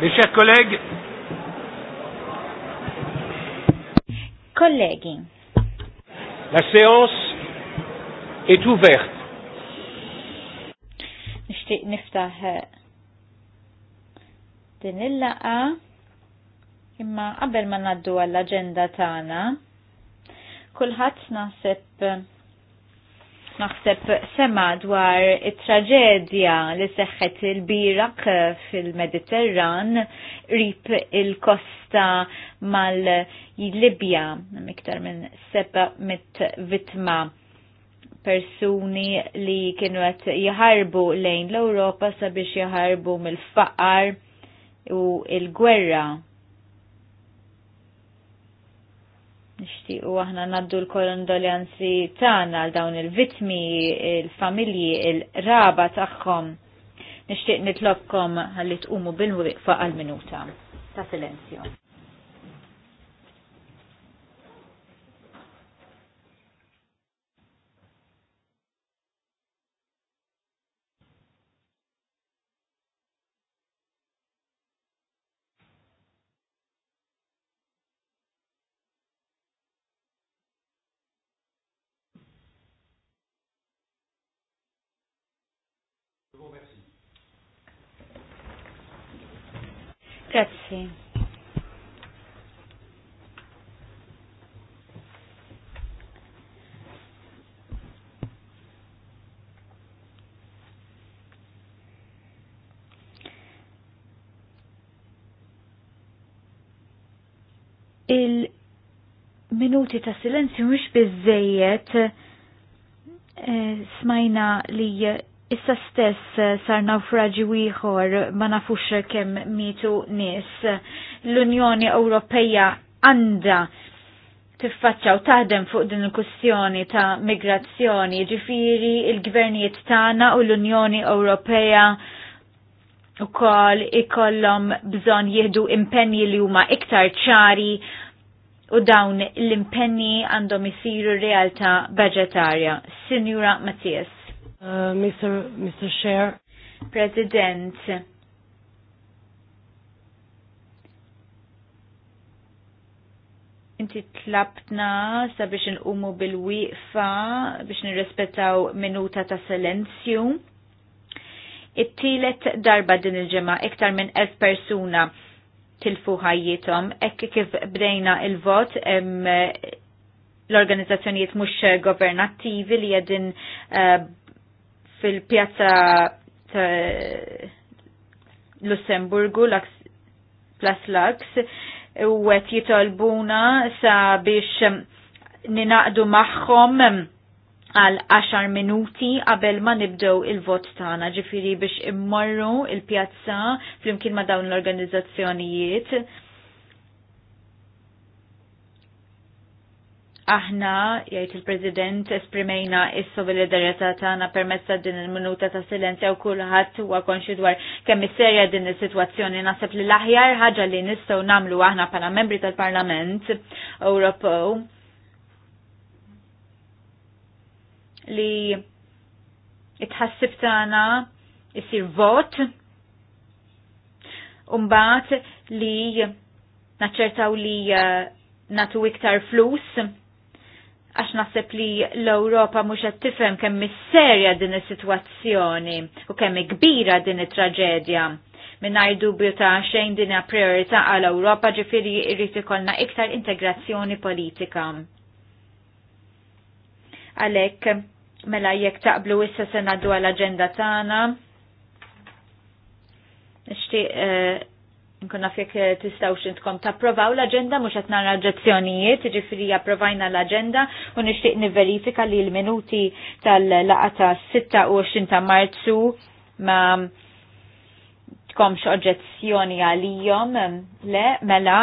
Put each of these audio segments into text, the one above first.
Mes chers collègues, Collègues. La séance est ouverte. Nixtieq niftaħ eh, din il-laqa imma qabel ma ngħaddu għall agenda tagħna kulħadd naħseb naħseb sema dwar it-traġedja li seħħet il-birak eh, fil-Mediterran rip il-kosta mal-Libja miktar minn seba mit vitma persuni li kienu għet jħarbu lejn l-Europa sabiex jħarbu mill-faqar u il-gwerra u aħna naddu l-kondoljanzi tagħna għal dawn il-vitmi, il-familji, il-raba tagħhom. Nixtieq nitlobkom ħalli tqumu bil-wiqfa għal-minuta ta' silenzju. il-minuti ta' silenzju mhux biżejjed eh, smajna li Issa stess eh, sar naufraġi wieħor ma nafux kemm mitu nies. L-Unjoni Ewropeja għandha tiffaċċjaw taħdem fuq din il-kustjoni ta' migrazzjoni, ġifiri il-gvernijiet tagħna u l-Unjoni Ewropea wkoll ikollhom bżonn jieħdu impenji li huma iktar ċari u dawn l-impenni għandhom isiru realtà budgetarja. Sinjura Mattias. Mr. Mr. Chair. President. Inti tlabtna sabiex nqumu bil-wieqfa biex nirrespettaw minuta ta' silenzju. It-tielet darba din il-ġemma iktar minn elf persuna tilfu ħajjithom, ekk kif bdejna il-vot l-organizzazzjonijiet mhux governattivi li qegħdin uh, fil-pjazza ta' Lussemburgu, Plus Lux, u għet jitolbuna sa' biex um, ninaqdu maħħom um, għal 10 minuti qabel ma nibdew il-vot tagħna, ġifiri biex immorru il-pjazza flimkien ma dawn l-organizzazzjonijiet aħna, jgħid il-President, esprimejna is-solidarieta tagħna permezz din il-minuta ta' silenzja u kulħadd huwa konxi dwar kemm is-serja din is-sitwazzjoni naħseb li l-aħjar ħaġa li nistgħu nagħmlu aħna bħala membri tal-Parlament Ewropew li itħassib tagħna isir vot u mbagħad li naċċertaw li eh, natu iktar flus għax naħseb li l-Europa mhux qed tifhem kemm serja din is-sitwazzjoni u kemm kbira din it-traġedja. Mingħajr dubju ta' xejn din hija priorità għal Ewropa ġifieri jrid ikollna iktar integrazzjoni politika. Għalhekk mela jekk taqblu issa se ngħaddu għall-aġenda tagħna. Nixtieq eh, Nkun naf jekk eh, tistgħu xintkom tapprovaw l-aġenda mhux qed nara oġġezzjonijiet, jiġifieri approvajna l-aġenda u nixtieq nivverifika li l-minuti tal-laqgħa ta' 26 ta' Marzu ma tkomx oġġezzjoni għalihom le mela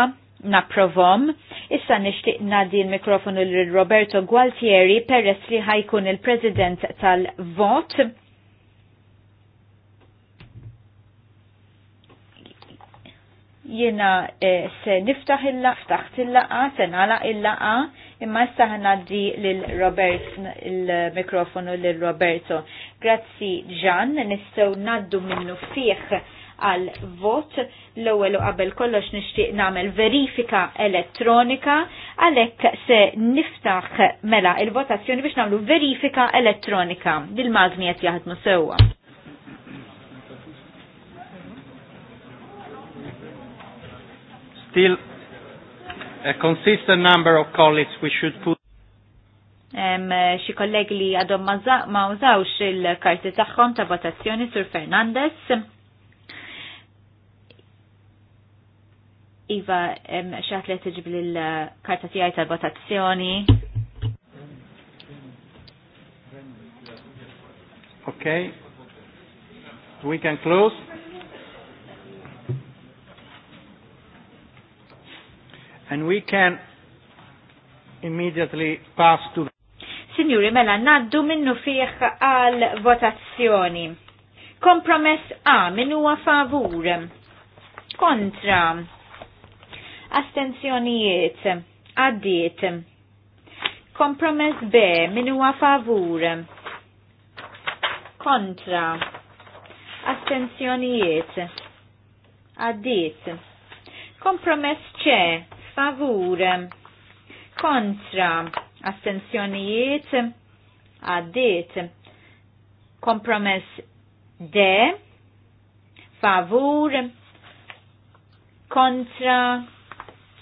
napprovom. Issa nixtieq nadi l-mikrofonu lil Roberto Gualtieri peress li ħajkun il-President tal-Vot Jiena eh, se niftaħ il-laqa, ftaħt il-laqa, se nalaq il-laqa, imma issa di l robert il-mikrofonu lil-Roberto. Grazzi Gian, nistaw naddu minnu fieħ għal vot l-ewwel u qabel kollox nixtieq nagħmel verifika elettronika għalhekk se niftaħ mela il-votazzjoni biex nagħmlu verifika elettronika. Dil-magni qed jaħdmu sewwa. still a consistent number of colleagues we should put Um, xi kollegi li għadhom ma użawx il-karti tagħhom ta' votazzjoni sur Fernandez. Iva, um, xaħt li tiġib il karta tiegħi tal-votazzjoni. Okay. We can close. And we can immediately pass to Signori, mela naddu minnu fiħ għal votazzjoni. Kompromess A, minnu huwa favur. Kontra. Astenzjonijiet. Addiet. Kompromess B, minnu huwa favur. Kontra. Astenzjonijiet. Addiet. Kompromess C, favur kontra astensjonijiet għaddit kompromess D favur kontra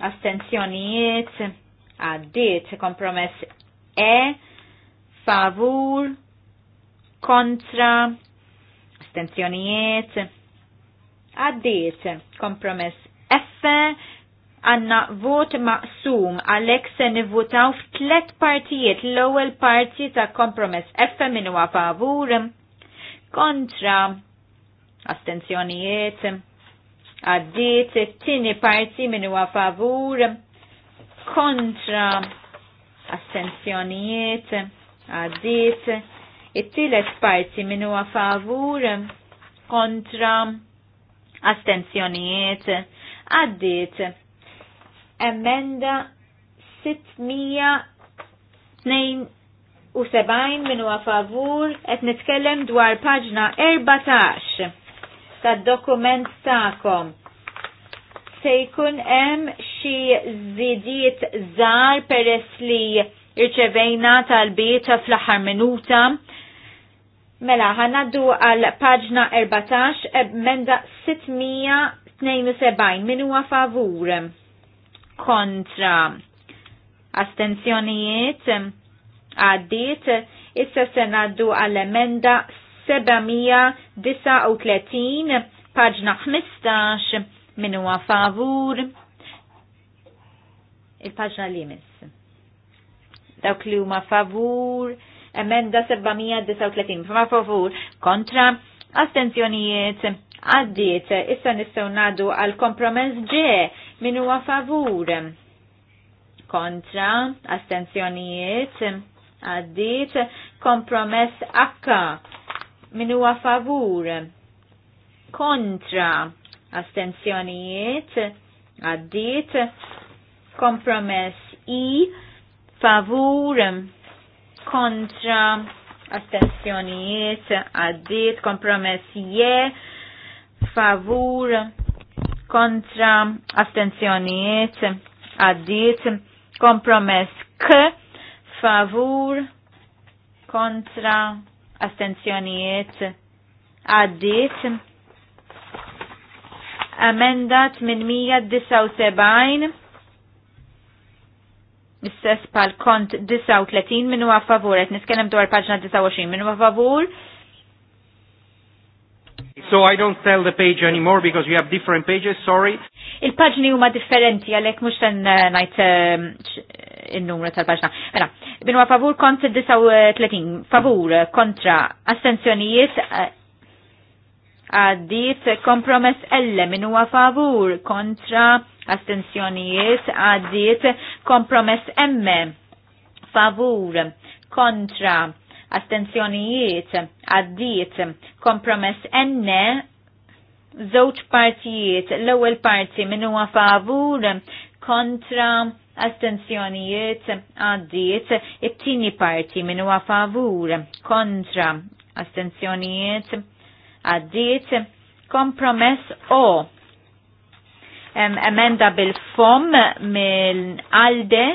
astensjonijiet għaddit kompromess E favur kontra astensjonijiet għaddit kompromess F għanna vot maqsum għalek se nivvotaw f'tlet partijiet l-ewwel parti ta' kompromess F minn huwa favur kontra astenzjonijiet għaddiet it-tieni parti minn huwa favur kontra astenzjonijiet għaddiet it-tielet parti minn huwa favur kontra astenzjonijiet għaddiet emenda 672 minu għafavur, et nitkellem dwar paġna 14 ta' dokument ta'kom. Se jkun hemm xi żidiet żgħar peress li irċevejna tal-bieċa fl-aħħar minuta. Mela, ħanaddu għal paġna 14 emenda 672 minu għafavur. favur kontra astenzjonijiet għaddit issa se naddu għall-emenda 739 paġna 15 min huwa favur il-paġna li jmiss. Dawk li huma favur emenda 739 ma favur kontra astenzjonijiet għaddiet, issa nistgħu ngħadu għal kompromess ġe min huwa favur. Kontra, astenzjonijiet, għaddiet, kompromess H min huwa favur. Kontra, astenzjonijiet, għaddiet, kompromess I favur kontra astensjonijiet, għaddiet, kompromess je, favur kontra astenzjonijiet għaddit, kompromess k favur kontra astenzjonijiet għaddiet amenda 879 istess pal kont 39 minu għafavur, et niskellem dwar paġna 29 minu għafavur, favur So I don't tell the page anymore because you have different pages, sorry. Il-paġni huma differenti għalhekk mhux se ngħid ehm, in-numru tal-paġna. Mela, binwa favur kont 39, favur kontra astenzjonijiet eh, għaddit kompromess elle min huwa favur kontra astenzjonijiet għaddit kompromess emme favur kontra astenzjonijiet għaddiet kompromess enne żewġ partijiet l ewel parti min huwa favur kontra astenzjonijiet għaddiet it tini parti min huwa favur kontra astenzjonijiet għaddiet kompromess o emenda bil-fom mill-alde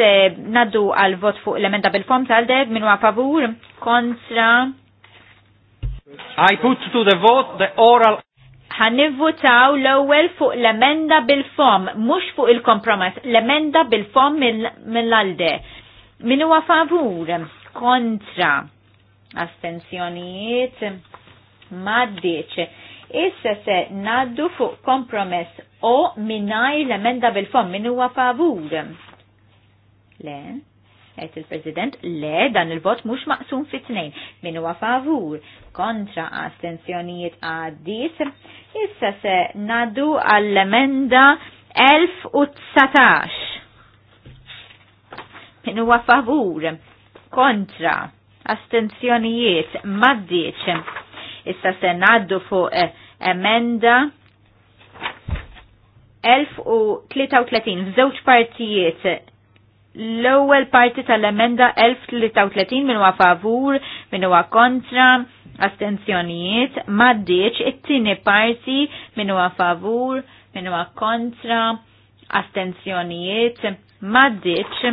naddu għal vot fuq l-emenda bil-fom tal-deg minn favur kontra. I put to the vote the oral ħanivvutaw l-ewwel fuq l-emenda bil-fom, mhux fuq il-kompromess, l-emenda bil-fom mill-alde. Min huwa favur, kontra, Astenzjoniet. maddiċ. Issa se naddu fuq kompromess o minnaj l-emenda bil-fom, min huwa favur, Le, għet il-President, le, dan il-vot mux maqsum fit tnejn Min huwa favur, kontra astenzjonijiet għaddis. Issa se nadu għall-emenda 1019. Min huwa favur, kontra astenzjonijiet maddiċ. Issa se nadu fuq eh, emenda 1033 f'żewġ partijiet l-ewwel parti tal-emenda 1033 minn huwa favur, minn huwa kontra, astenzjonijiet, maddiċ it-tieni parti minn huwa favur, minn huwa kontra, astenzjonijiet, maddiċ.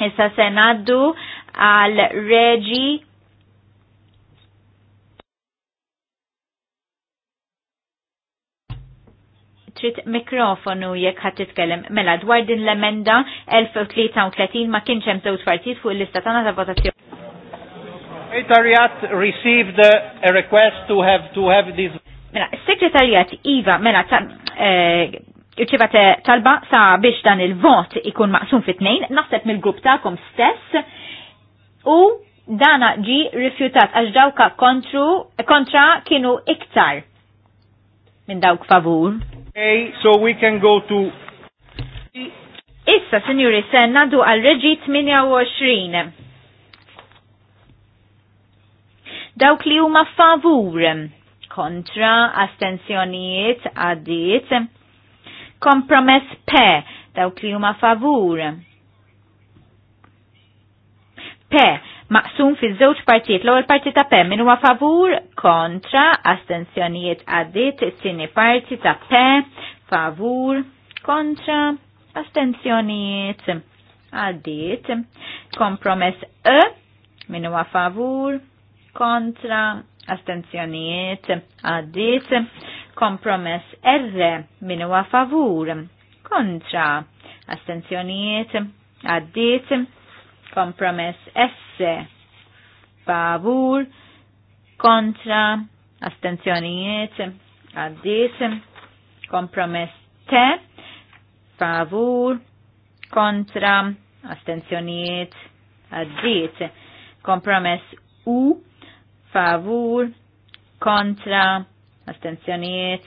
Issa se ngħaddu għal reġi trid mikrofonu jekk ħadd titkellem. Mela dwar din l-emenda 1033 ma kienx hemm żewġ partit fuq il-lista tagħna ta' votazzjoni. Secretariat received a request to have to have this Mela, segretarjat Iva, mela, eh, irċivat eh, talba sa biex dan il-vot ikun maqsum fit-tnejn, naħseb mill-grupp ta'kom stess, u dana ġi rifjutat għax dawka kontru, kontra kienu iktar minn dawk favur. Okay, so we can go to... Issa, signori, se nadu għal-reġi 28. Dawk li huma favur kontra astensjonijiet għaddiet. Kompromess P, dawk li huma favur. P, maqsum fi żewġ partijiet. L-ewwel parti ta' PEM min huwa favur kontra astensjonijiet għaddit, it parti ta' PEM favur kontra astensjonijiet għaddit. Kompromess E min huwa favur kontra astensjonijiet għaddit. Kompromess R min huwa favur kontra astensjonijiet għaddit Kompromess esse Favur kontra astenzjonijiet għaddis Kompromess te Favur kontra astenzjonijiet għaddis Kompromess U. Favur kontra astenzjonijiet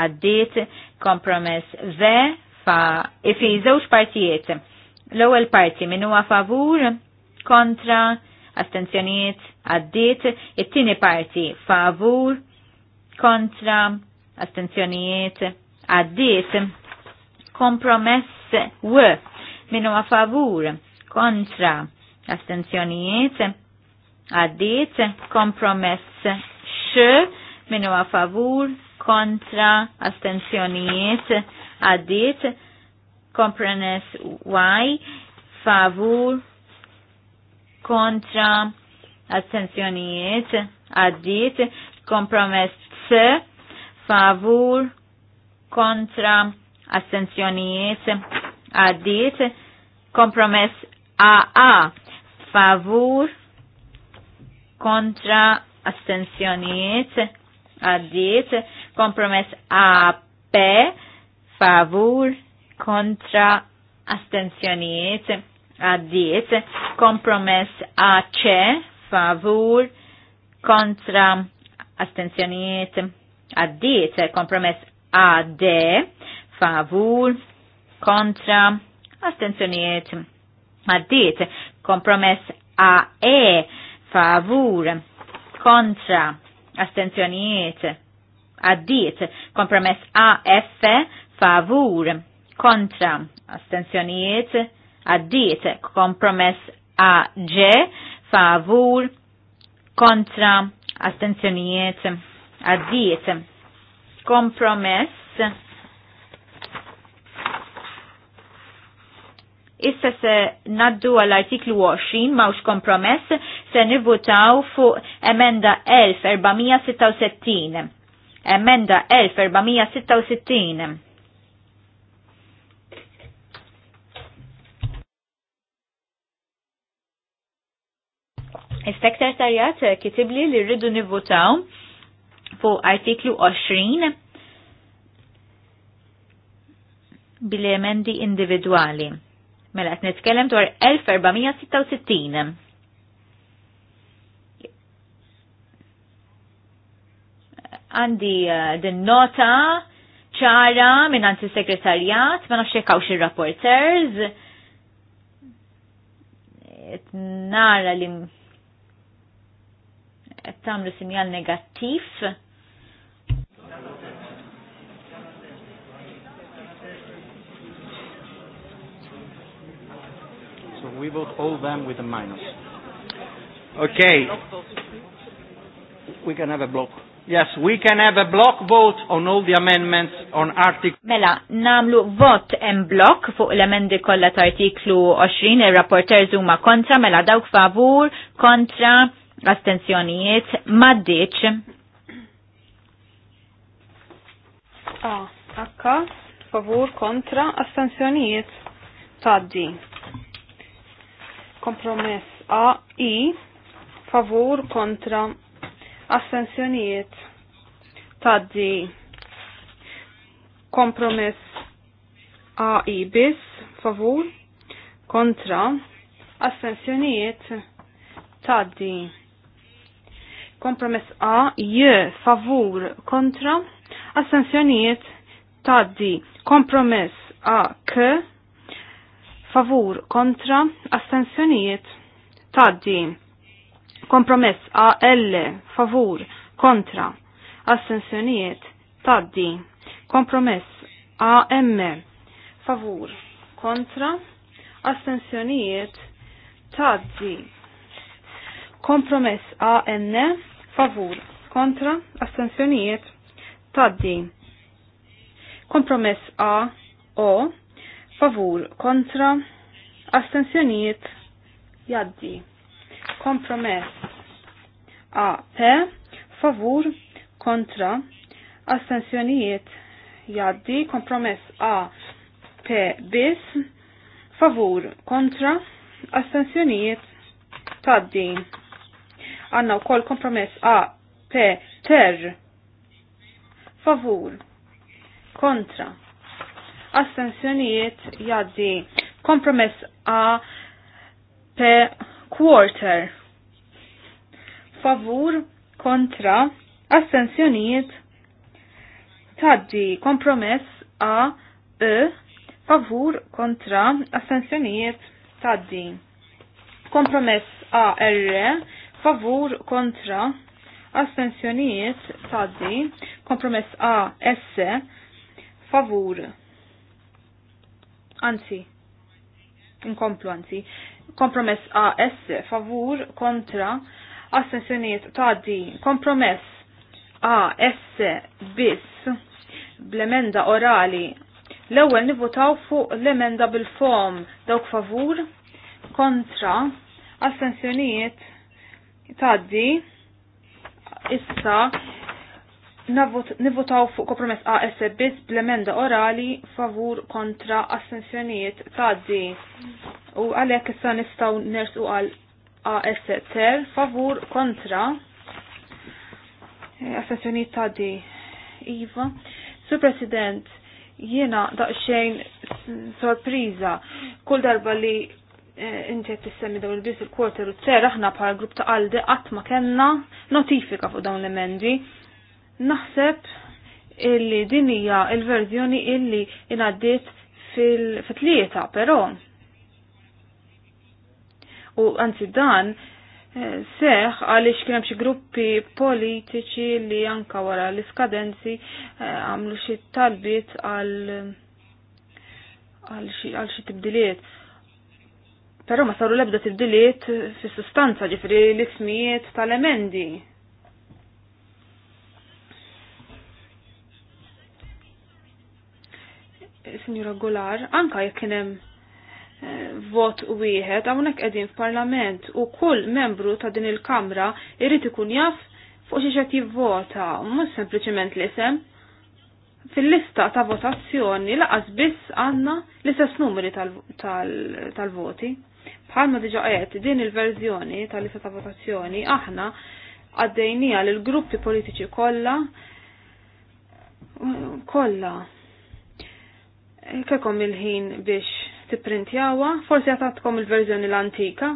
għaddis kompromess ve fa ifi żewġ partijiet L-ewwel parti min huwa favur kontra astenzjonijiet għaddiet, it-tieni parti favur kontra astenzjonijiet għaddiet, kompromess w min huwa favur kontra astenzjonijiet għaddiet, kompromess x min huwa favur kontra astenzjonijiet għaddiet, Kompromess Y, favur, Contra, astenzjonijiet, għaddit, kompromess C, favur, kontra, astenzjonijiet, A. kompromess Contra favur, kontra, addit, għaddit, a p, favur, kontra astenzjoniet għaddiet, kompromess AC favur kontra astenzjoniet għaddiet, kompromess AD favur kontra astenzjoniet għaddiet, kompromess AE favur kontra astenzjoniet għaddiet, kompromess AF favur kontra astenzjonijiet għaddiet kompromess AG favur kontra astenzjonijiet għaddiet kompromess Issa se naddu għall artiklu 20 mawx kompromess se nivutaw fuq emenda 1466. Emenda 1466. Is-sekretarjat eh, kitibli li rridu nivvotaw fuq artiklu 20 bil-emendi individwali. Mela qed nitkellem dwar 1466. Għandi uh, din nota ċara minn għanti segretarjat, ma nafxie kawx ir-rapporters. Nara li tamlu sinjal negattiv. So we vote all them with a minus. Okay. We can have a block. Yes, we can have a block vote on all the amendments on article. Mela, namlu vot en block fuq l-emendi kollha ta' artiklu 20, il-rapporter zuma kontra, mela dawk favur, kontra, astenzjonijiet maddiċ. A, akka, favur kontra astenzjonijiet taddi. Kompromess A, I, favur kontra astenzjonijiet taddi. Kompromess A, I, bis, favur kontra astenzjonijiet taddi Kompromess A, J, favur, kontra, assenzjonijiet taddi. Kompromess A, K, favur, kontra, assenzjonijiet taddi. Kompromess A, L, favur, kontra, assenzjonijiet taddi. Kompromess A, M, favur, kontra, assenzjonijiet taddi Kompromess AN favur kontra astensjonijiet taddi. Kompromess A O favur kontra astensjonijiet jaddi. Kompromess A P favur kontra astensjonijiet jaddi. Kompromess A P bis favur kontra astensjonijiet taddi Għanna u koll kompromess A, pe ter, favur, kontra, astensjonijiet jaddi, kompromess A, pe quarter, favur, kontra, astensjonijiet taddi, kompromess A, E, favur, kontra, astensjonijiet taddi. Kompromess A, R, favur kontra astensjonijiet taddi kompromess A S favur anzi inkomplu anzi kompromess A S favur kontra astensjonijiet taddi kompromess A S bis blemenda orali l-ewwel nivotaw fuq l-emenda bil-fom dawk favur kontra astensjonijiet Taddi, issa nivvotaw fuq kompromess ASB e biss bl-emenda orali favur kontra assenzjonijiet taddi. U għalhekk issa nistgħu nersu għal AS e favur kontra assenzjonijiet taddi. Iva. Sur President, jiena daqsxejn sorpriża kull darba li Eh, inti t tissemmi dawn il bis il kwarter u t ser aħna bħala grupp ta' qaldi qatt ma kellna notifika fuq dawn l-emendi. Naħseb illi din hija l-verżjoni illi inaddit fil-tlieta però. U anzi dan eh, seħ għaliex kien hemm xi gruppi politiċi li anka wara l-iskadenzi eh, għamlu xi talbiet għal xie tibdiliet Però ma saru lebda tibdiliet fis sustanza ġifri l-ismijiet tal-emendi. Signora Golar, anka jekk kien hemm eh, vot wieħed hawnhekk qegħdin f'Parlament u kull membru ta' din il-Kamra jrid ikun jaf fuq xi qed jivvota, mhux sempliċement l-isem. Fil-lista ta' votazzjoni laqas biss għandna l-istess numri tal-voti. Tal tal Bħalma diġa għajet din il-verżjoni tal-lista ta' votazzjoni aħna għaddejnija l gruppi politiċi kollha kolla, kekom il-ħin biex tipprintjawa, forsi għatatkom il-verżjoni l-antika.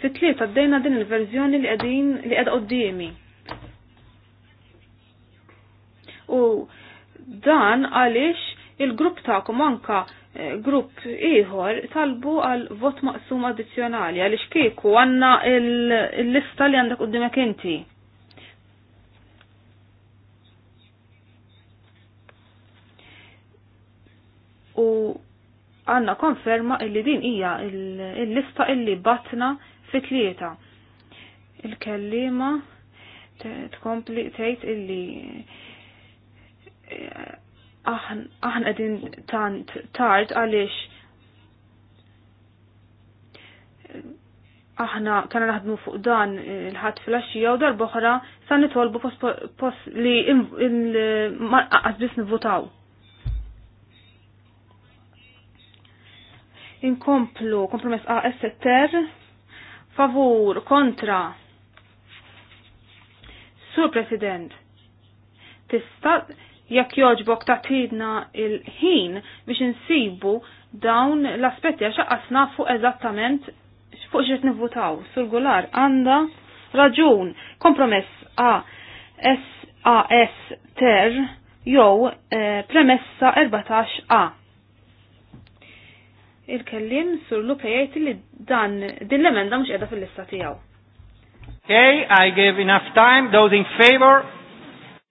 Fit-tliet għaddejna din il-verżjoni li qegħdin li qed qoddiemi. U dan għaliex il-grupp ta'kom anka eh, grupp ieħor talbu għal vot maqsum addizzjonali għaliex kieku għandna il lista li għandek qudiemek inti. U għanna konferma illi din hija il lista illi batna fit-tlieta. Il-kellima tkompli tgħid illi eh, aħna qegħdin tant tard għaliex aħna kena naħdmu fuq dan il-ħadd fil-axija u darba oħra nitolbu pos li qas biss Inkomplu kompromess AS ter favur kontra Sur President tista' jekk joġbok tatidna il-ħin biex insibu dawn l-aspetti għax għasna fuq eżattament fuq x'qed nivvutaw. Sur Gular għandha raġun kompromess A S A S ter jew eh, premessa 14 A. Il-kellim sur lupejajt li dan din l-emenda mhux qiegħda fil-lista tiegħu. Okay, I gave enough time. Those in favor,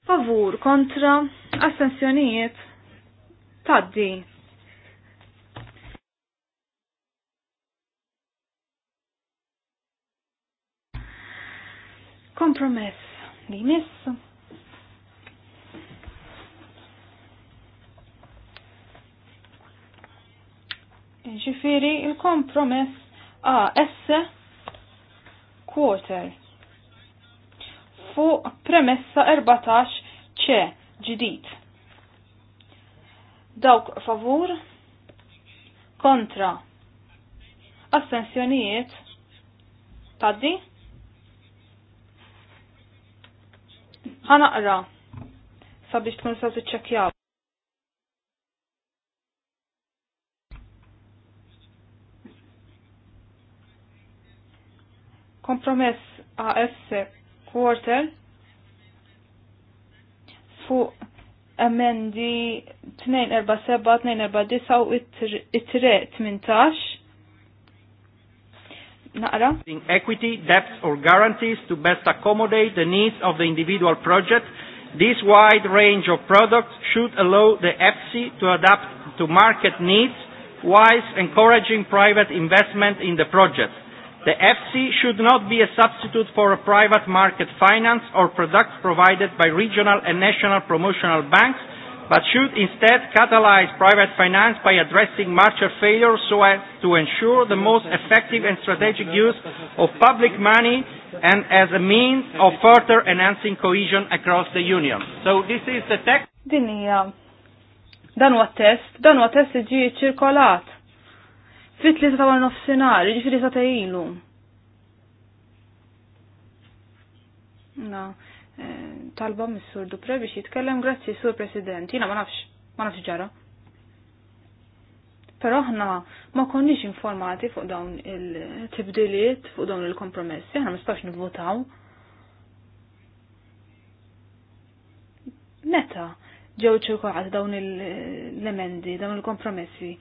favur kontra assenzjonijiet taddi. Kompromess li miss. Ġifiri, il-kompromess a ah, esse quarter fuq premessa 14 ċe ġdid. Dawk favur kontra astensjonijiet taddi ħanaqra sabiex tkun sa tiċċekjaw. Kompromess ASF Water fuq emendi 247-249 18 Naqra. In equity, debt or guarantees to best accommodate the needs of the individual project, this wide range of products should allow the EPSI to adapt to market needs whilst encouraging private investment in the project. The FC should not be a substitute for a private market finance or products provided by regional and national promotional banks, but should instead catalyze private finance by addressing market failure so as to ensure the most effective and strategic use of public money and as a means of further enhancing cohesion across the Union. So this is the text. Dinija, dan huwa test, dan huwa test iġi ċirkolat fit-tlieta tawal nofsinhar, jiġifieri sa ta' ilu. No, eh, talba mis-sur Dupre biex jitkellem grazzi sur President, jina ma nafx, ma nafx ġara. Pero aħna ma konniex informati fuq dawn il-tibdiliet, fuq dawn il-kompromessi, aħna mistax nivvotaw. Meta ġew ċirkolati dawn l-emendi, dawn il-kompromessi,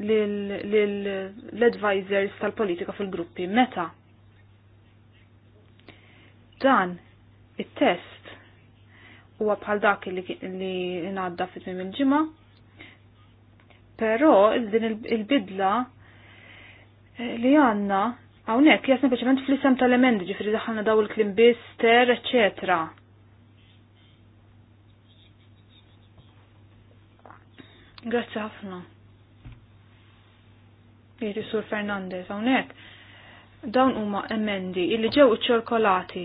l-advisors tal-politika fil-gruppi. Meta? Dan it-test huwa bħal dak li ngħadda fit mim il-ġimgħa, però din il-bidla eh, li għandna hawnhekk hija sempliċement fl-isem tal-emendi ġifieri daħħalna daw il-klim bister, eċċetera. Grazzi ħafna jgħid sur Fernandez hawnhekk. Dawn huma emendi illi ġew iċċorkolati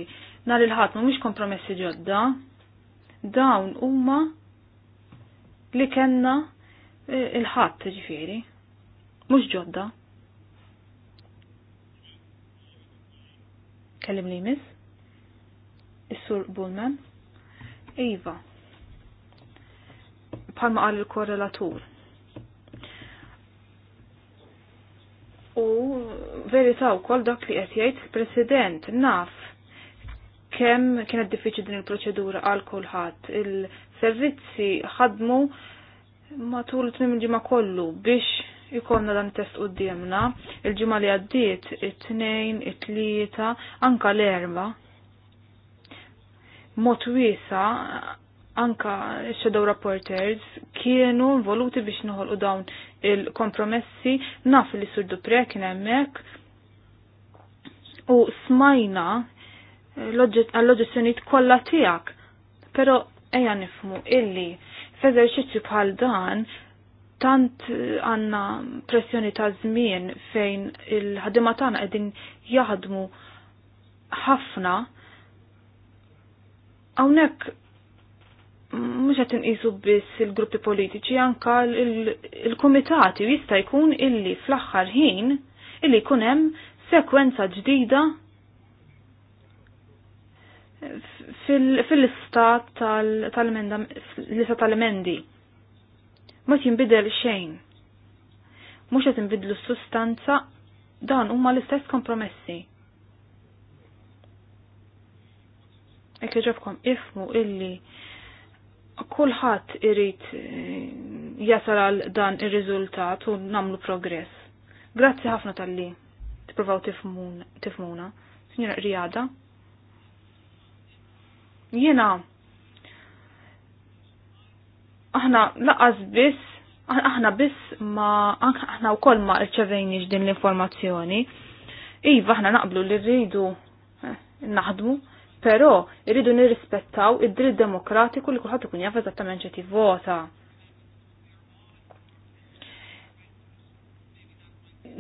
nhar il-ħadd mhumiex kompromessi ġodda. Dawn huma li kellna e, il-ħadd ġifieri. Mhux ġodda. Kellim li miss? Is-Sur Bullman? Iva. Palma għal il-korrelatur U verità wkoll dak li qed jgħid il-President naf kemm kienet diffiċli din il-proċedura għal kulħadd. Il-servizzi ħadmu matul tmim il-ġimgħa kollu biex ikonna dan test qudiemna, il-ġimgħa li għaddiet it-tnejn, it-tlieta, anka l-erba. Mod wiesa anka shadow rapporters kienu involuti biex noħolqu dawn il-kompromessi naf li surdu Dupre kien u smajna għall-oġġezzjonijiet kollha tiegħek. Pero ejja nifmu illi f'eżerċizzju bħal dan tant għanna pressjoni ta' żmien fejn il-ħadima tagħna qegħdin jaħdmu ħafna hawnhekk mhux qed inqisu biss il-gruppi politiċi anka il-kumitati jista' jkun illi fl-aħħar ħin illi jkun hemm sekwenza ġdida fil-istat tal-emendi. tal Ma jinbidel xejn. Mhux qed inbidlu s-sustanza dan huma l-istess kompromessi. Ekk ifmu illi kulħadd irid eh, jasal għal dan ir-riżultat u namlu progress. Grazzi ħafna tal-li tippruvaw tifmuna. Signora Riada. Jiena aħna laqas biss aħna biss ma aħna wkoll ma rċevejni din l-informazzjoni. Iva aħna naqblu li rridu eh, naħdmu però irridu nirrispettaw id-dritt demokratiku li kulħadd ikun jaf eżattament ċet jivvota.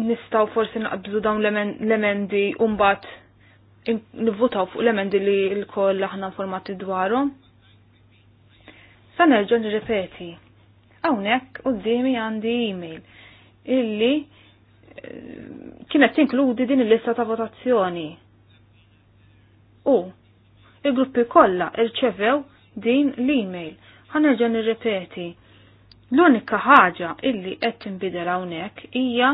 Nistaw forsi naqbdu dawn l-emendi u mbagħad nivvotaw fuq l-emendi li l-koll aħna informati dwarhom. Sa nerġgħu nirripeti. Hawnhekk qudiemi għandi email illi eh, kienet tinkludi din il-lista ta' votazzjoni. U il-gruppi kollha irċevew din l-email. Ħanerġa' nirrepeti. L-unika ħaġa illi qed tinbidel hawnhekk hija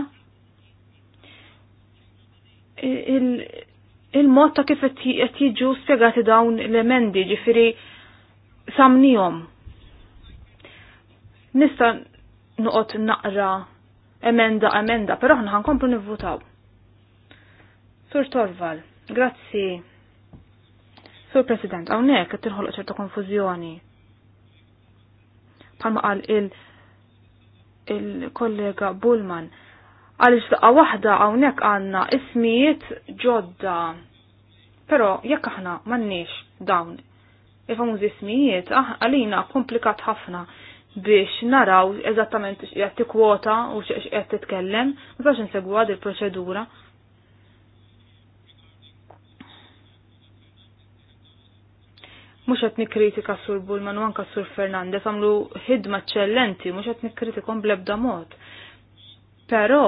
il-mod ta' kif qed jiġu spjegati dawn l-emendi ġifieri samnihom. Nista' noqgħod naqra emenda emenda, però aħna ħankomplu nivvutaw. Sur Torval, grazzi Sur President, għawnek qed tinħoloq ċerta konfużjoni. Palma għal il-kollega il Bullman, għaliex laqgħa waħda hawnhekk għandna ismijiet ġodda. Però jekk aħna m'għandniex dawn il-famużi ismijiet ah, għalina komplikat ħafna biex naraw eżattament x'qed tikkwota u x'qed titkellem, ma sax insegwu il proċedura mux għetni nikritika sur Bullman u anka sur Fernandez għamlu ħidma ċellenti, mux għet nikritikom blebda mod. Pero,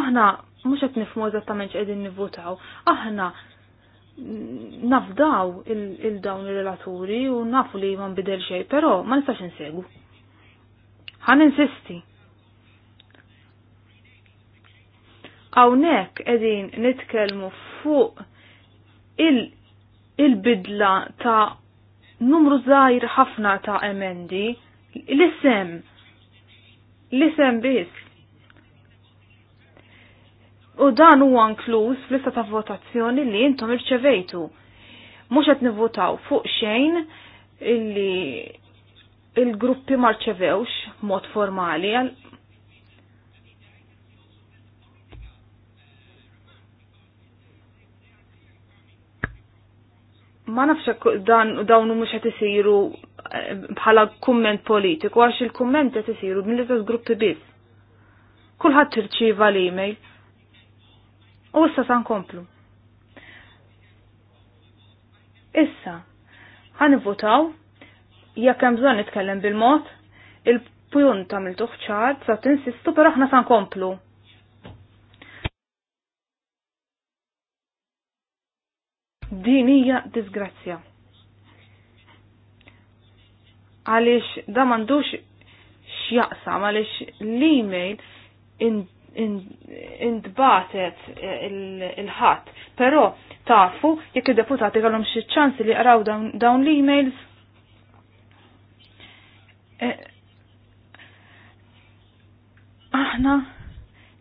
aħna mux għet ta' eżattament edin nivvutaw, aħna nafdaw il-dawn il dawn il relaturi u nafu li man nbidel xej, pero ma nistax nsegu. Għan insisti. Hawnhekk qegħdin nitkellmu fuq il-bidla il ta' numru zaħir ħafna ta' emendi, l-isem, l-isem bis. U dan huwa inkluż fl-lista ta' votazzjoni li intom irċevejtu. Mhux qed nivvotaw fuq xejn illi il-gruppi marċevewx mod formali, ma nafx dan dawnu mhux qed isiru eh, bħala kumment politiku għax il-kumment qed isiru mill-istess gruppi biss. Kulħadd tirċieva l-email. U issa san nkomplu. Issa, ħanivvotaw jekk hemm bżonn nitkellem bil-mod, il-punt għamiltuh tuħċar sa tinsistu pero aħna sa nkomplu. Din hija disgrazzja. Għaliex da m'għandux x'jaqsam għaliex l-email intbatet il-ħadd, però tafu jekk id-deputati kellhom xi ċans li għaraw dawn l-emails e, aħna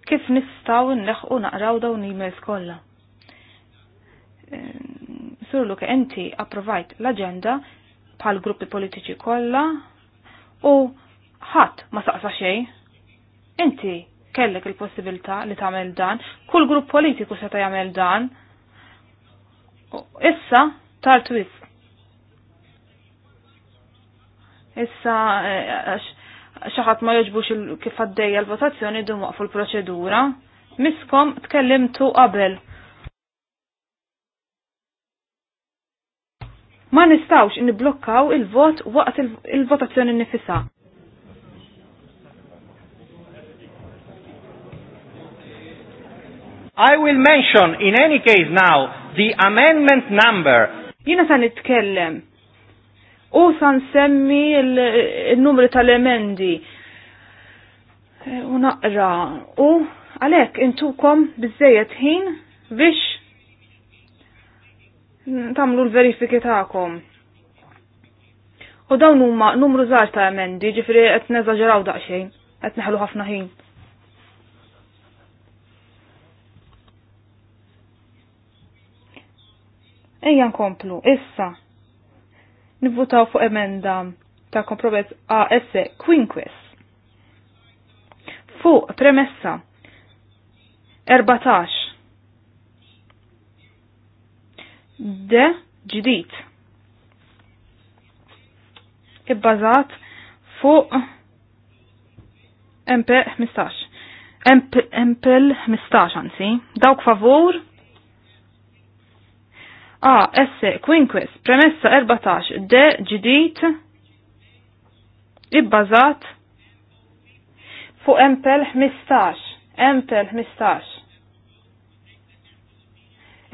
kif nistaw nleħqu naqraw dawn l emails kollha. E, Sur Luke, enti approvajt l-agenda bħal gruppi politiċi kollha u ħadd ma saqsa xejn. Inti kellek il-possibilità li tagħmel dan, kull grupp politiku seta' jagħmel dan. Issa tal twist. Issa xaħat eh, ma joġbux kif għaddejja l-votazzjoni dum waqfu l-proċedura. Miskom tkellimtu qabel ma nistawx niblokkaw il-vot waqt il-votazzjoni nifisa. I will mention in any case now the amendment number. Jina san nitkellem u san semmi il-numri tal-emendi eh, u naqra u għalek intukom bizzejet ħin biex tamlu l-verifiki ta'kom. U dawn huma numru żgħar ta' emendi, ġifieri qed neżaġeraw daqsxejn, qed neħlu ħafna ħin. Ejja nkomplu, issa. Nivvutaw fuq emenda ta' kompromess AS Quinquess. Fuq premessa 14 D ġdid. Ibbażat fuq MP 15. Empel 15 anzi, dawk favur. A, S, Quinquis, premessa 14, D, ġdid, ibbażat fuq Empel 15, Empel 15.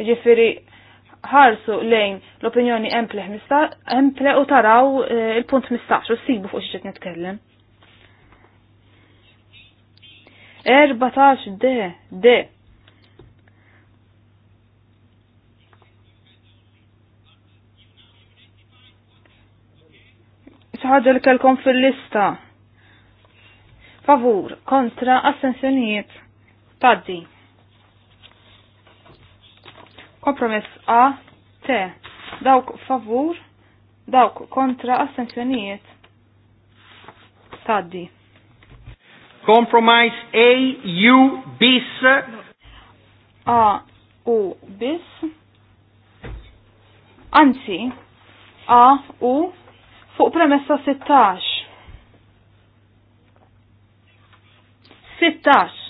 Ġifiri, ħarsu lejn l-opinjoni emple u taraw eh, il-punt mistaċ u s-sibu fuq xieċet netkellem. 14 d, d. ħaġa li kelkom fil-lista. Favur, kontra, assenzjonijiet, taddi. Kompromess A, T, dawk favur, dawk kontra assenzjonijiet. taddi. Kompromise A, U, bis. A, U, bis. Anzi, A, U, fuq premessa 16. 16.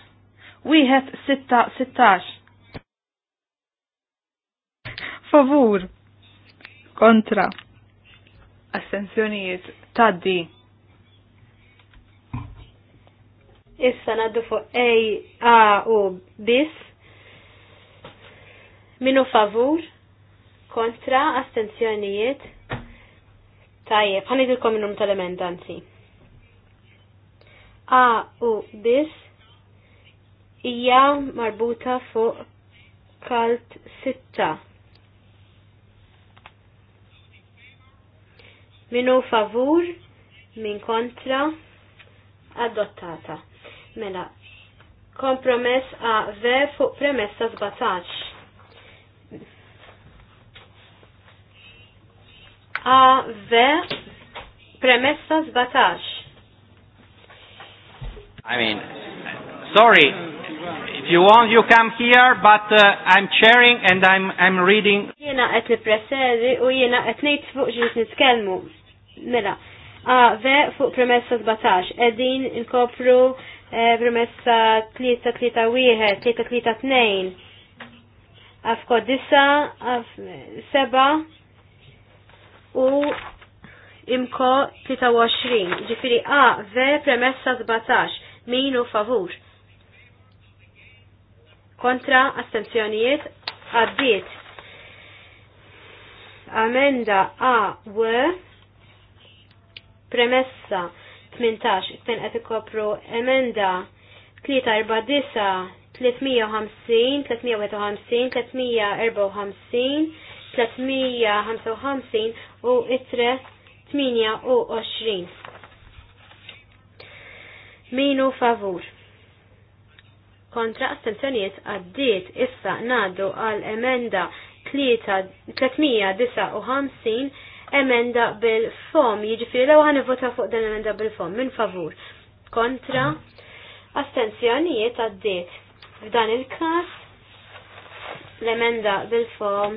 Wieħed 6, 16 favur kontra Assenzjoniet. taddi. Issa naddu fuq A, A u bis. Minu favur kontra astenzjonijiet tajjeb. Għanidilkom minnum tal-emendanti. A u bis hija marbuta fuq kalt sitta. Minu favur, min kontra, adottata. Mela, kompromess a ver fuq premessa zbatax. A ver premessa zbatax. I mean, sorry, you want, you come here, but uh, I'm chairing and I'm, I'm reading. Jena qed nippreferi u jena qed ngħid fuq ġit nitkelmu. Mela, ve fuq premessa 17, edin inkopru eh, premessa 3-3-1, afko disa, af seba, u imko 23, ġifiri A, ve premessa 17, minu favur kontra astenzjonijiet għaddiet. Amenda A w premessa 18 kien qed ikopru emenda 349 350, 351, 354, 355 u itre 28. Minu favur kontra astenzjoniet għaddiet issa nadu għal emenda 359 emenda bil-fom, Jiġifieri l għan vota fuq dan emenda bil-fom, Min favur. Kontra astenzjonijiet għaddiet. F'dan il-kas l-emenda bil-fom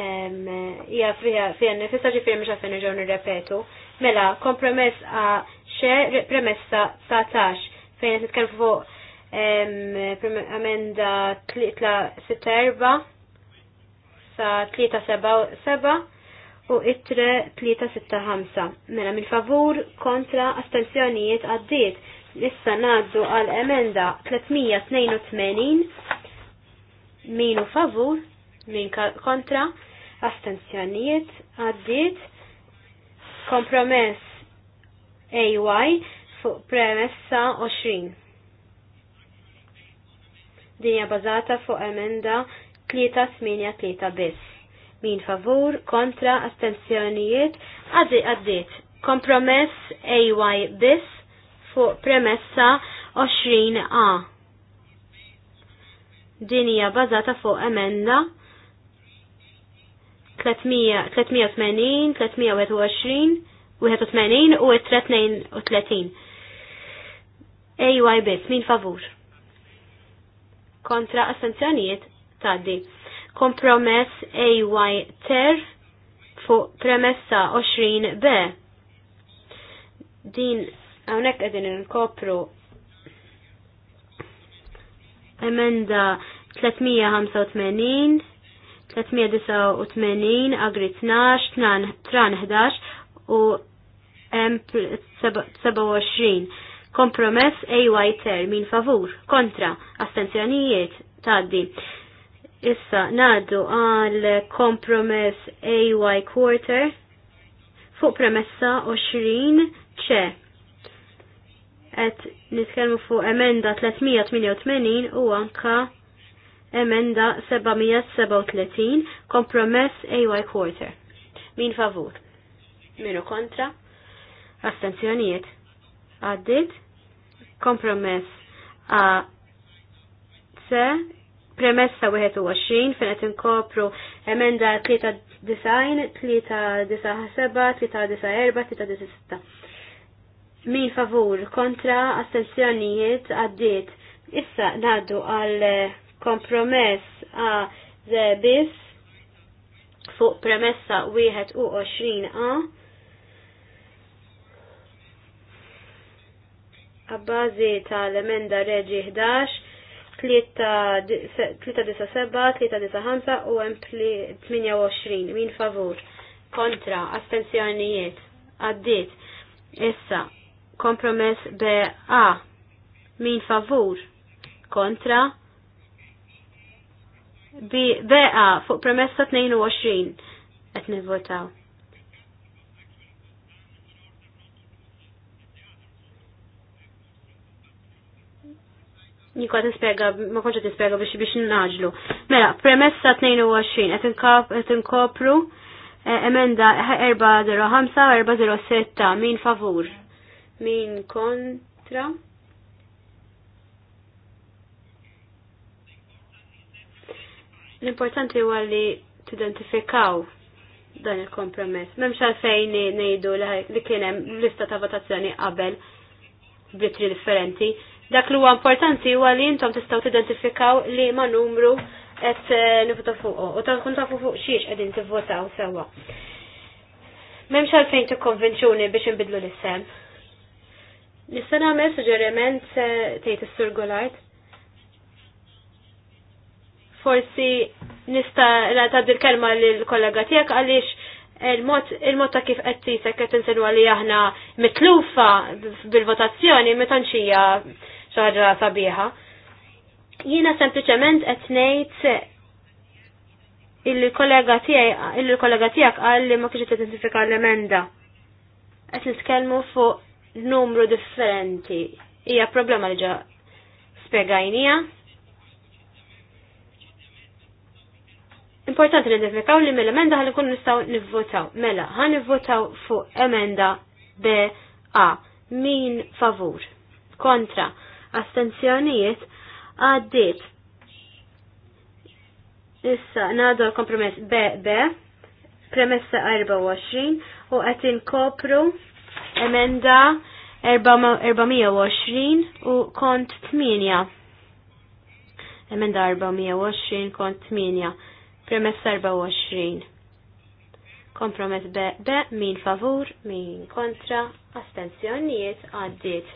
hija fija nifissa ġifiri mhux għafen irġgħu nirrepetu. Mela, kompromess a xe premessa 19 fejn qed nitkellmu fuq amenda 364 sa 377 u itre 365. Mela mill-favur kontra astensjonijiet għaddiet. Issa naddu għal emenda 382 minu favur, min kontra, astenzjonijiet, għaddit, kompromess AY fuq premessa 20. Dinja bazata fuq emenda 383 bis. Min favur, kontra, astenzjonijiet, għaddi għaddit. Kompromess AY biss fuq premessa 20A. Dinja bazata fuq emenda 380, 321, 81 u 332. AY biss, min favur. Kontra assenzjonijiet taddi. Kompromess AY ter fuq premessa 20 B. Din hawnhekk qegħdin inkopru emenda 385 389, Agri 12, Tran 11 u 27 Kompromess AY ter min favur kontra astenzjonijiet taddi. Issa naddu għal kompromess AY quarter fuq premessa 20 ċe. Et nitkellmu fuq emenda 388 u anka emenda 737 kompromess AY quarter. Min favur? Minu kontra? Astenzjonijiet? Għaddit? Kompromess A C premessa 21 fejn qed inkopru emenda 3 design, 3 97, 3 Min favur kontra astenzjonijiet għaddit. Issa naddu għal kompromess A zebis fuq premessa 21 A għabbażi tal-emenda reġi 11 3, 3-7, u empli 28 min favur kontra astensjonijiet għaddit issa kompromess BA min favur kontra BA fuq premessa 22 qed nivvotaw jikwa nispega, ma konċa nispega biex biex naġlu. Mela, premessa 22, qed inkopru e, emenda 405, 406, min favur, min kontra. L-importanti huwa li tidentifikaw dan il-kompromess. Memx għalfejn nejdu li kienem lista ta' votazzjoni qabel b'ritri differenti. Dak li huwa importanti huwa li intom tistgħu tidentifikaw li ma numru qed eh, nivvotaw fuqu u tkun tafu fuq xiex qegħdin tivvotaw sewwa. M'hemmx għalfejn tikkonvinċuni biex inbidlu l-isem. Nista' nagħmel suġġeriment eh, tgħid is-Sur Golart. Forsi nista' tgħaddi l-kelma lill-kollega tiegħek għaliex il-mod il ta' kif qed tisek qed inselu li aħna mitlufa bil-votazzjoni ma tantx hija xi sabiħa. Jiena sempliċement qed ngħid il-kollega tiegħi il-kollega tiegħek qal li ma kienx identifika l-emenda. Qed nitkellmu fuq numru differenti. Hija problema li ġa spjegajnija. Importanti li identifikaw li mill-emenda ħan ikun nistaw nivvotaw. Mela, għan nivvotaw fuq emenda B A. Min favur? Kontra astenzjonijiet għaddit. Issa nadu l-kompromess BB, premessa 24 u qed inkopru emenda 420 u kont 8. Emenda 420 kont 8, premessa 24. Kompromess B, min favur, min kontra, astenzjonijiet għaddit.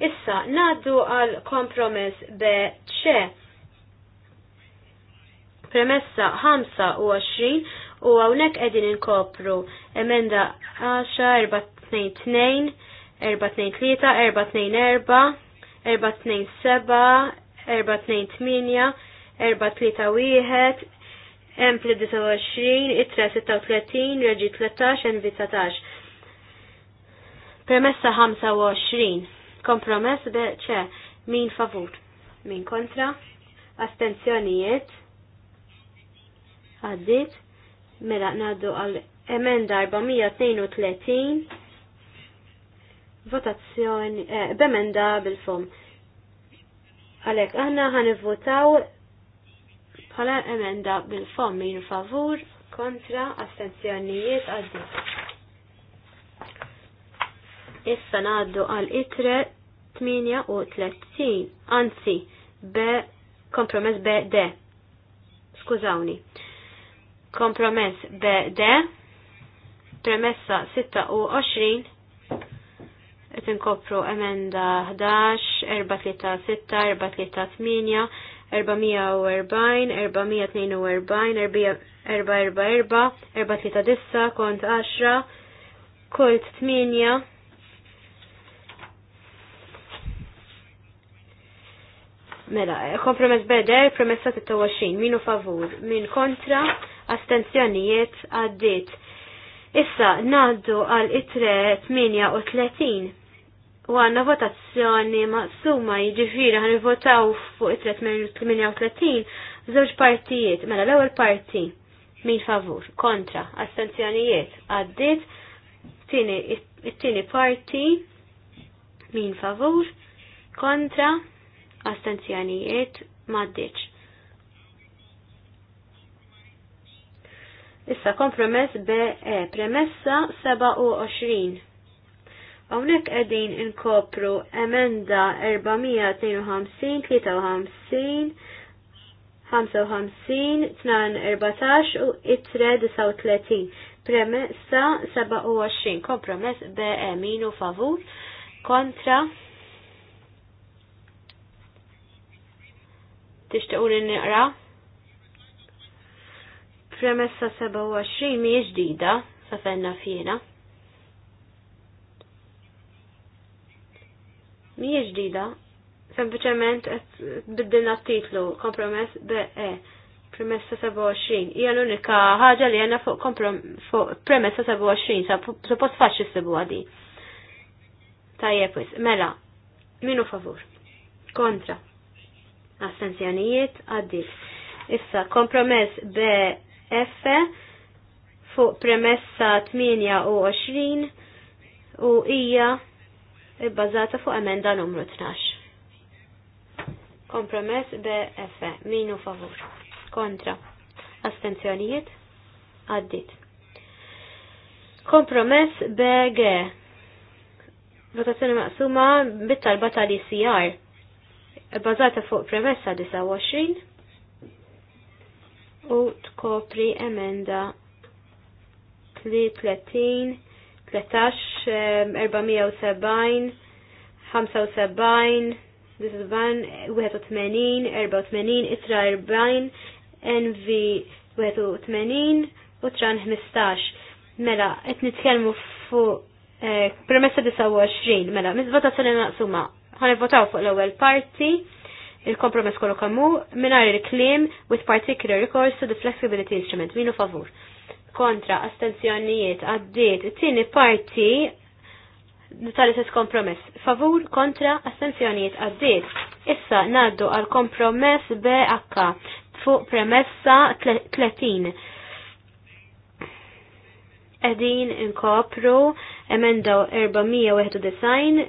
Issa, naddu għal kompromess be ċe. Premessa 25 u għawnek edin inkopru emenda 10, 422, 4, 2, 4, 428, 4, Empli 29, Itra 36, Reġi 13, Envi 4, Premessa 25. Kompromess beċe min favur, min kontra, astenzjonijiet, għaddit, mela naddu għal emenda 432, votazzjoni, eh, b'emenda bil fum Għalek, aħna ħan votaw bħala emenda bil fum min favur, kontra, astenzjonijiet, għaddit. Issa naddu għal itre 38, anzi, be kompromess be D. Skużawni. Kompromess be D, premessa 26, et inkopru emenda 11, 436, 438, 440, kont 10, kult 8, Mela, kompromess beder, premessa 26, minu favur, min kontra, astenzjonijiet għaddit. Issa, naddu għal itre 38 u għanna votazzjoni maqsuma jġifiri għan votaw fuq itre 38 żewġ partijiet. Mela, l-ewel parti, min favur, kontra, astenzjonijiet għaddit, it-tini parti, min favur, kontra, astenzjonijiet maddiċ. Issa kompromess BE, premessa 27. Hawnhekk qegħdin inkopru emenda 452, 53, 55, u itre 39. Premessa 27, kompromess BE minu favur kontra Tixtiqu li niqra? Premessa 27 mi ġdida, sa fenna fjena. Mi ġdida, sempliciment biddilna titlu kompromess BE. Premessa 27. Hija l-unika ħaġa li għandna fuq premessa 27 sa suppost s-sebu għadi. Tajjeb, mela, minu favur. Kontra astenzjonijiet għaddit. Issa kompromess BF fuq premessa 28 u hija bbażata fuq emenda numru 12. Kompromess BF minu favur. Kontra. Astenzjonijiet għaddit. Kompromess BG. Votazzjoni maqsuma bit-talba tal-ICR bazata fuq premessa 29 u tkopri emenda 33, 13, 470, 75, 81, 84, itra 40, NV 81 u tran 15. Mela, qed nitkellmu fuq eh, premessa 29, mela, mizbata s-sena naqsuma votaw fuq l-ewwel parti il-kompromess kollu kamu mingħajr il-klim with particular recourse to the flexibility instrument minu favur. Kontra astenzjonijiet għaddit, it-tieni parti tal-istess kompromess. Favur kontra astenzjonijiet għaddit. Issa naddu għal kompromess BH fuq premessa 30. Edin inkopru emenda 491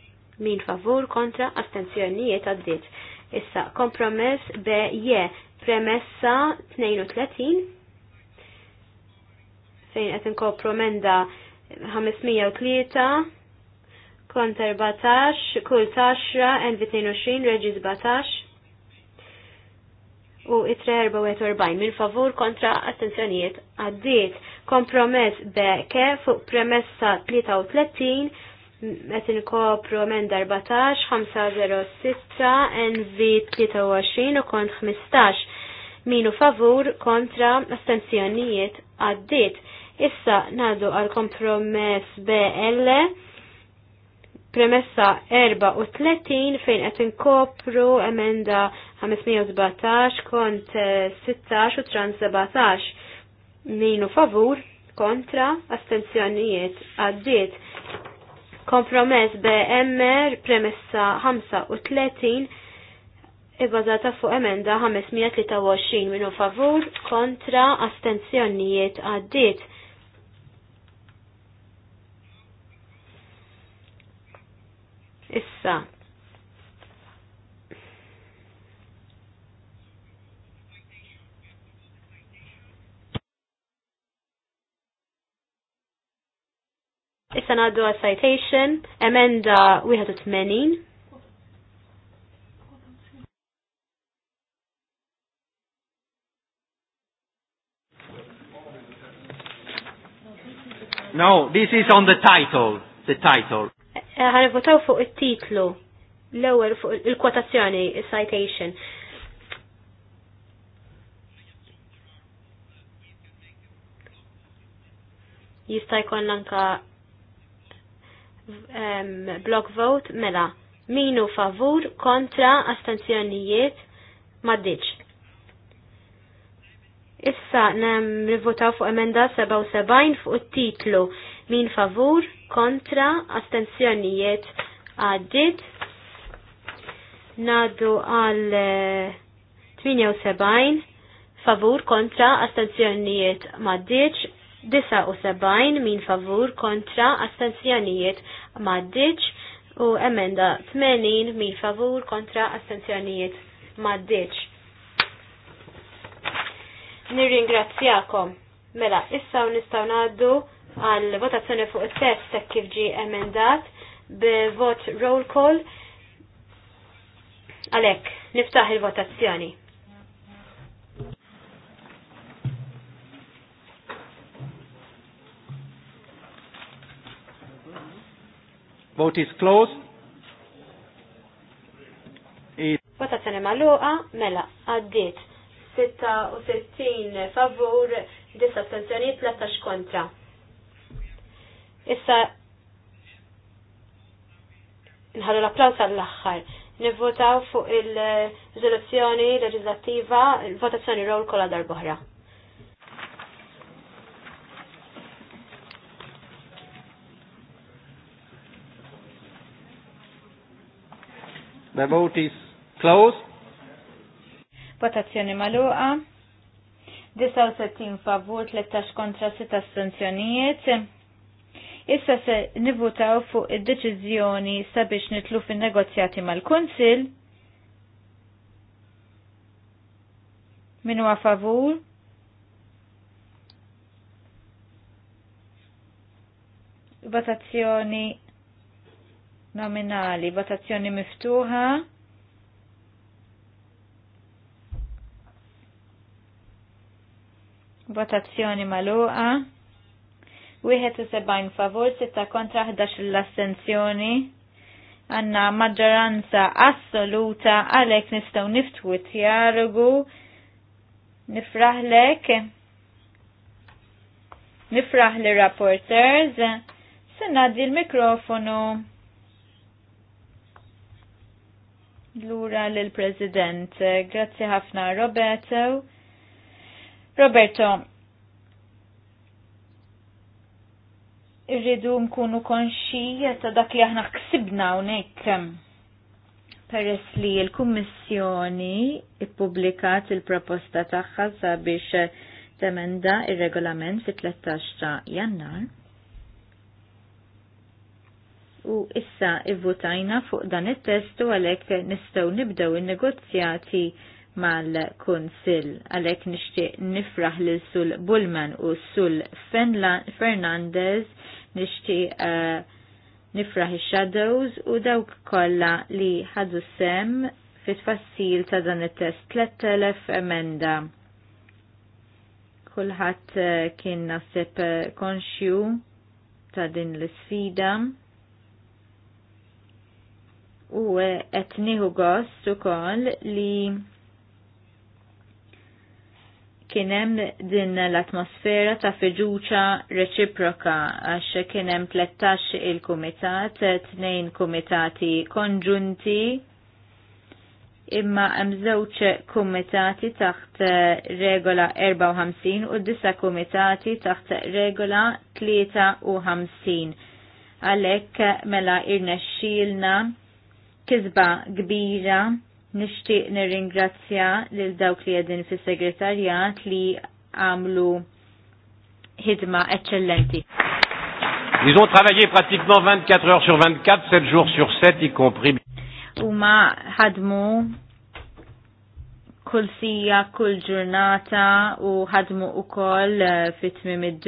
min favur kontra astenzjonijiet għaddit. Issa, kompromess be je premessa 32 fejn qed kompromenda 503 kontra 14 kull 10 NV22 reġiz 17 u itre 44 e Min favur kontra astenzjonijiet għaddit. kompromess be ke fuq premessa 33 qed inkopru emenda 14, 506, NV 23 u kont 15. Minu favur kontra astenzjonijiet għaddit. Issa nadu għal kompromess BL premessa 34 fejn qed inkopru emenda 517 kont 16 eh, u trans 17. Minu favur kontra astenzjonijiet għaddiet Kompromess BMR premessa 35 ibbażata fuq emenda 523 minu favur kontra astenzjonijiet għaddiet. Issa, Issa naddu għal citation, emenda 81. No, this is on the title, the title. Għan eh, votaw fuq il-titlu, l-ewel fuq il-kwotazzjoni, il-citation. Jista' jkun anka block vote mela minu favur kontra astenzjonijiet maddiċ. Issa nem rivotaw fuq emenda 77 fuq it-titlu min favur kontra astenzjonijiet għaddit. Nadu għal 78 eh, favur kontra astenzjonijiet maddiċ 79 min favur kontra astenzjonijiet maddiċ u emenda 80 min favur kontra astenzjonijiet maddiċ. Nirringrazzjakom. Mela, issa nistaw naddu għal votazzjoni fuq il-test ta' kif ġi emendat b'vot roll call. Għalek, niftaħ il-votazzjoni. Vote is closed. Votazzjoni magħluqa mela għaddiet 66 favur, 9 astenzjoni, 13 kontra. Issa nħallu l-applaus għall-axħar. Nivvotaw fuq il rezoluzzjoni leġislattiva, il-votazzjoni roll kolla darbohra. The vote is closed. Votazzjoni maluqa. 69 favur, 13 kontra, 6 astenzjonijiet. Issa se nivutaw fuq id-deċiżjoni sabiex nitlu fin-negozjati mal-Kunsil. Minu a favur? Votazzjoni nominali, votazzjoni miftuħa. Votazzjoni maluqa. sebgħin favur, sitta kontra 11 l-astenzjoni. Għanna maġġoranza assoluta nistgħu nistaw niftwu tjarugu. Nifraħlek. Nifraħ li rapporters. Sinna di l-mikrofonu. Lura l-President. grazie ħafna Roberto. Roberto, irridu nkunu konxi ta' dak li aħna ksibna unik. Peress li l-Kummissjoni ippubblikat il-proposta tagħha sabiex temenda ir-regolament fit-13 ta' Jannar. U issa ivvutajna fuq dan it-test u għalhekk nistgħu nibdew in-negozjati mal konsil għalhekk nixtieq nifraħ lil Sul Bullman u Sul Fernandez nixtieq uh, nifraħ il shadows u dawk kollha li ħadu sem fit-tfassil ta' dan it-test 3000 emenda. Kulħadd uh, kien naħseb eh, konxju ta' din l-sfida u qed nieħu gost ukoll li kien hemm din l-atmosfera ta' fiduċa reċiproka għax kien hemm 13 il-kumitat, tnejn kumitati konġunti imma hemm żewġ kumitati taħt regola 54 u disa kumitati taħt regola 53. Għalhekk mela irnexxielna kizba kbira nishtiq nirringrazzja lil dawk li għedin fis segretarjat li għamlu hidma eccellenti. Ils ont travaillé pratiquement 24 heures sur 24, 7 jours sur 7, y compris. Uma ħadmu kull sija, kull ġurnata u ħadmu u koll eh, fit-tmim id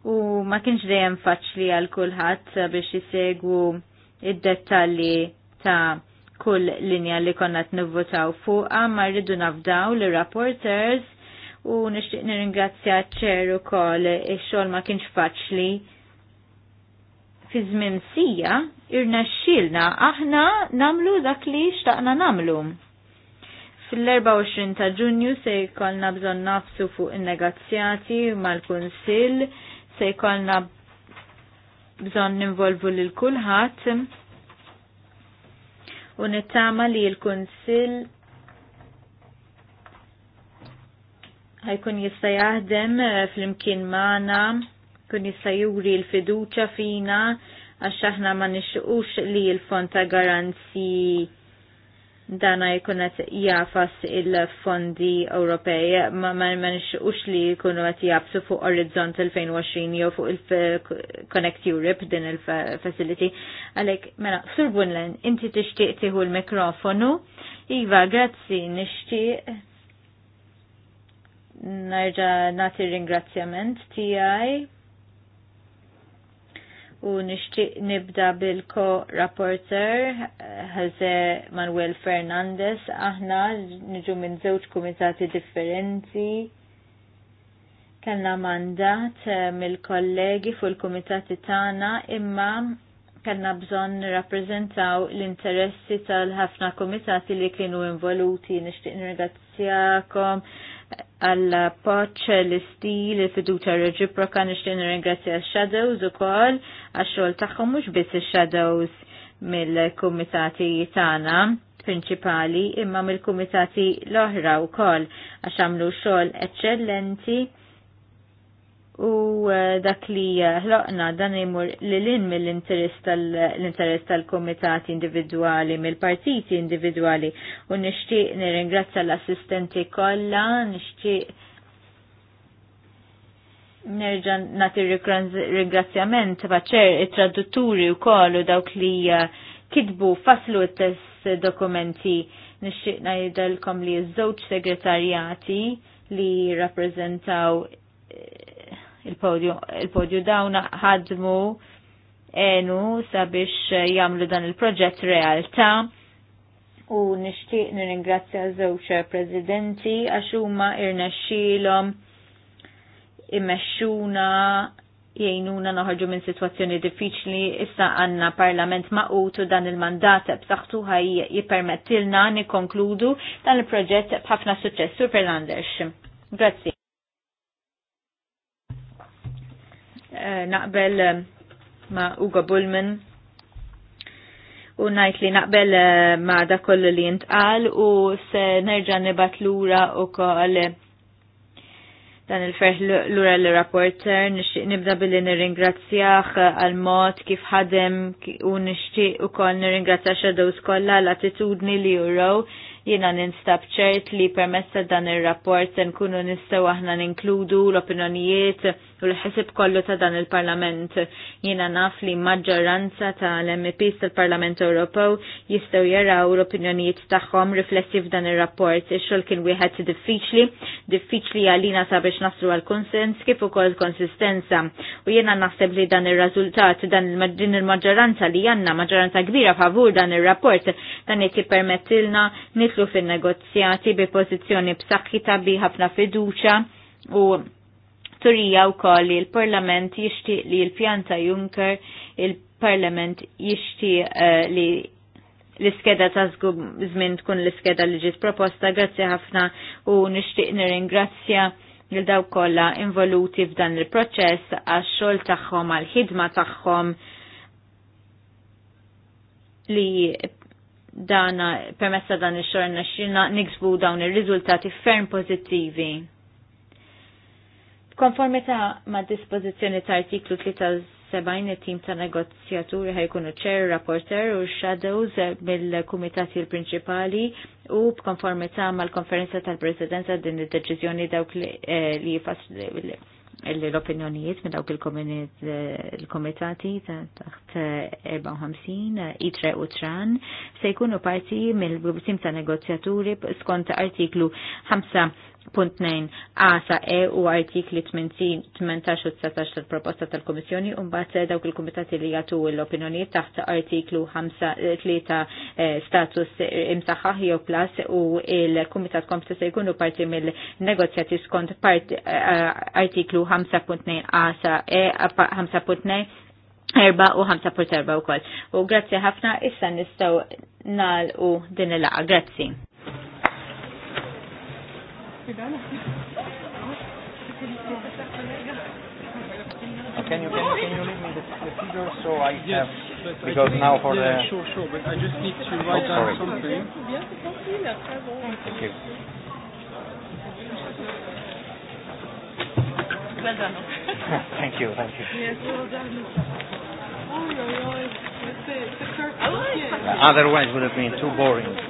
U ma kienx dejjem faċli għal kulħadd biex jisegwu id dettalli ta' kull linja li konna t-nivvotaw fuqa, ma rridu nafdaw li rapporters u nishtiq nirringrazzja ċeru kol il-xol ma kienx faċli fi żmien sija irna xilna aħna namlu dak li xtaqna namlu. Fil-24 ta' ġunju se jkollna bżon nafsu fuq il-negozjati mal-Kunsill, se jkollna bżon ninvolvu lil kulħadd u nittama li l-Kunsill ħajkun jista' jaħdem eh, fl-imkien magħna, kun jista' juri l-fiduċa fina għax aħna ma nixuqux li l-fond ta' garanzi dana jkunet jafas il-fondi Ewropej ma manx ux li jkunu għat jafsu fuq Horizont 2020 jew fuq il-Connect eh, Europe din il-facility. Għalek, mela, Sur Bunlen, inti tixtieq tiħu l-mikrofonu. Iva, grazzi, nixtieq. Narġa nati ringrazzjament tijaj u nixtieq nibda bil-ko rapporter Jose Manuel Fernandez aħna niġu minn żewġ kumitati differenti kellna mandat eh, mill-kollegi fuq il-kumitati tagħna imma kellna bżonn rappreżentaw l-interessi tal-ħafna kumitati li kienu involuti nixtieq nirgazzjakom għall-appoċ l-istil, il-fiduċa reġiproka nishtin ringrazzja shadows u kol għaxol taħħom mux biss shadows mill-komitati tana prinċipali imma mill-komitati l-oħra u kol għaxamlu xol eccellenti u eh, dak li eh, ħloqna dan imur li lin mill-interess tal-komitati individuali, mill-partiti individuali u nishtiq nirringrazza l-assistenti kollha, nishtiq nerġa nati ringrazzjament baċer it-tradutturi u u dawk li eh, kidbu faslu t test dokumenti nixtieq ngħidilkom li ż-żewġ segretarjati li rappreżentaw il-podju. Il-podju dawn ħadmu enu sabiex jamlu dan il-proġett realtà u nishtiq nirringrazzja żewġ presidenti għax huma irnexxielhom immexxuna jgħinuna noħorġu minn situazzjoni diffiċli, issa għanna parlament maqutu dan il-mandat b'saħħtu ħaj jippermettilna nikkonkludu dan il-proġett b'ħafna suċċess Super Landers. Grazzi. Eh, naqbel eh, ma' Ugo Bullman u najt li naqbel eh, ma' da kollu li jintqal u se nerġa nibat lura u koll dan il-ferħ lura l-rapporter nixtieq nibda billi nirringrazzjah għal mod kif ħadem u nixtieq ukoll nirringrazzja xadows kollha l-attitudni li juraw jiena ninstab ċert li permezz ta' dan ir-rapport se nkunu nistgħu aħna ninkludu l-opinjonijiet u l ħisib kollu ta' dan il-Parlament. Jiena naf li maġġoranza tal-MPs tal-Parlament Ewropew jistgħu jaraw l-opinjonijiet tagħhom riflessi f'dan ir-rapport. Ix-xogħol kien wieħed diffiċli, diffiċli għalina sabiex naslu għal konsens kif ukoll konsistenza. U jiena naħseb li dan ir-rażultat dan din il-maġġoranza li għandna maġġoranza kbira favur dan ir-rapport dan qed jippermettilna nitlu fin-negozjati bi pożizzjoni b'saħħita bi ħafna fiduċja u turija wkoll li l-Parlament jixtieq li l-pjanta Juncker il-Parlament jixtieq eh, li l-iskeda ta' żmien tkun l-iskeda li ġiet proposta, grazzi ħafna u nixtieq nirringrazzja lil daw kollha involuti f'dan il-proċess għax-xogħol tagħhom għall-ħidma tagħhom li dana permessa dan ix-xorna xina niksbu dawn ir-riżultati ferm pożittivi. Konformità ma' dispożizzjoni ta' artiklu 73 it-tim ta' negozjaturi ħajkunu ċer, rapporter u shadows mill-kumitati l-prinċipali u b'konformità mal-konferenza tal-presidenza din id-deċiżjoni dawk li eh, jifas l-opinjonijiet minn dawk il-komitati taħt 54 itre u tran se jkunu parti mill-tim ta' negozjaturi skont artiklu 5 Punt 2. Asa E u artikli 18 u 19 tal-proposta tal-Komissjoni un bat dawk il-Komitati li jgħatu l-opinjoni taħt artiklu 5-3 eh, eh, status eh, imsaħħaħ jew plus u il-Komitat Komita se jkunu parti mill-negozjati skont part artiklu 5.2 Asa E 5.2 erba u ħamsa 5.4 u koll. U grazzi ħafna, issa nistaw nal u din il-laqa. Grazzi. Can you, can, can you leave me the, the figure so I yes, have, because I now for yeah, the... Sure, sure, but I just need to oh, write oh, down sorry. something. Thank you. Well done. thank you, thank you. Yes, well done. Oh, no, yeah, it's, it's, it's, otherwise it would have been too boring.